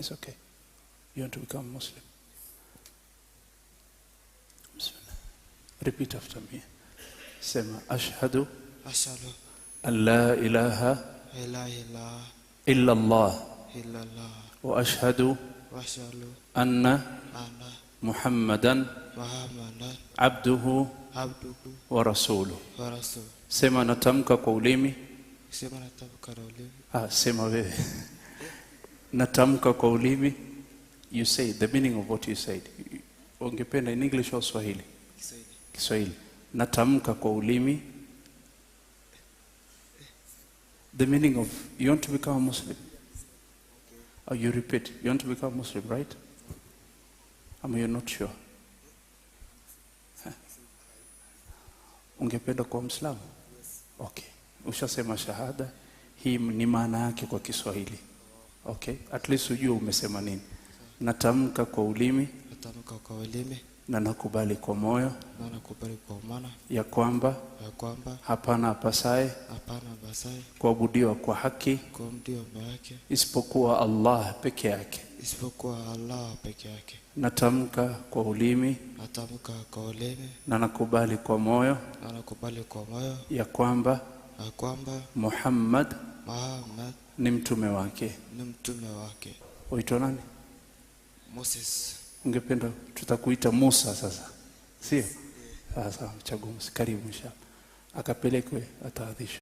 It's okay. You want to become Muslim? Repeat after me. Sema Ashadu. Ashadu. Allah ilaha. Illa Allah. Illa Allah. Wa ashadu. Wa ashadu. Anna. Anna. Muhammadan. Muhammadan. Abduhu. Abduhu. Wa rasulu. Wa rasulu. Sema natamka kwa Sema natamka kwa Ah, sema wewe. natamka kwa ulimi, you say the meaning of what you said. Ungependa in English au Swahili? Kiswahili. Natamka kwa ulimi the meaning of you want to become a Muslim or oh, you repeat you want to become a Muslim right? am you not sure? Ungependa kuwa Mwislamu? Okay, ushasema shahada hii, ni maana yake kwa Kiswahili. Okay, at least ujue umesema nini. Natamka kwa ulimi, natamka kwa ulimi na nakubali kwa moyo na nakubali kwa maana ya kwamba ya kwamba hapana apasaye hapana apasaye kuabudiwa kwa haki kuabudiwa kwa haki isipokuwa Allah peke yake isipokuwa Allah peke yake. Natamka kwa ulimi natamka kwa ulimi na nakubali kwa moyo na nakubali kwa moyo ya kwamba ya kwamba Muhammad Muhammad ni mtume wake, ni mtume wake. Uitwa nani? Moses. Ungependa tutakuita Musa sasa, sio? Sasa mchaguo, karibu inshallah, akapelekwe ataadhishwa.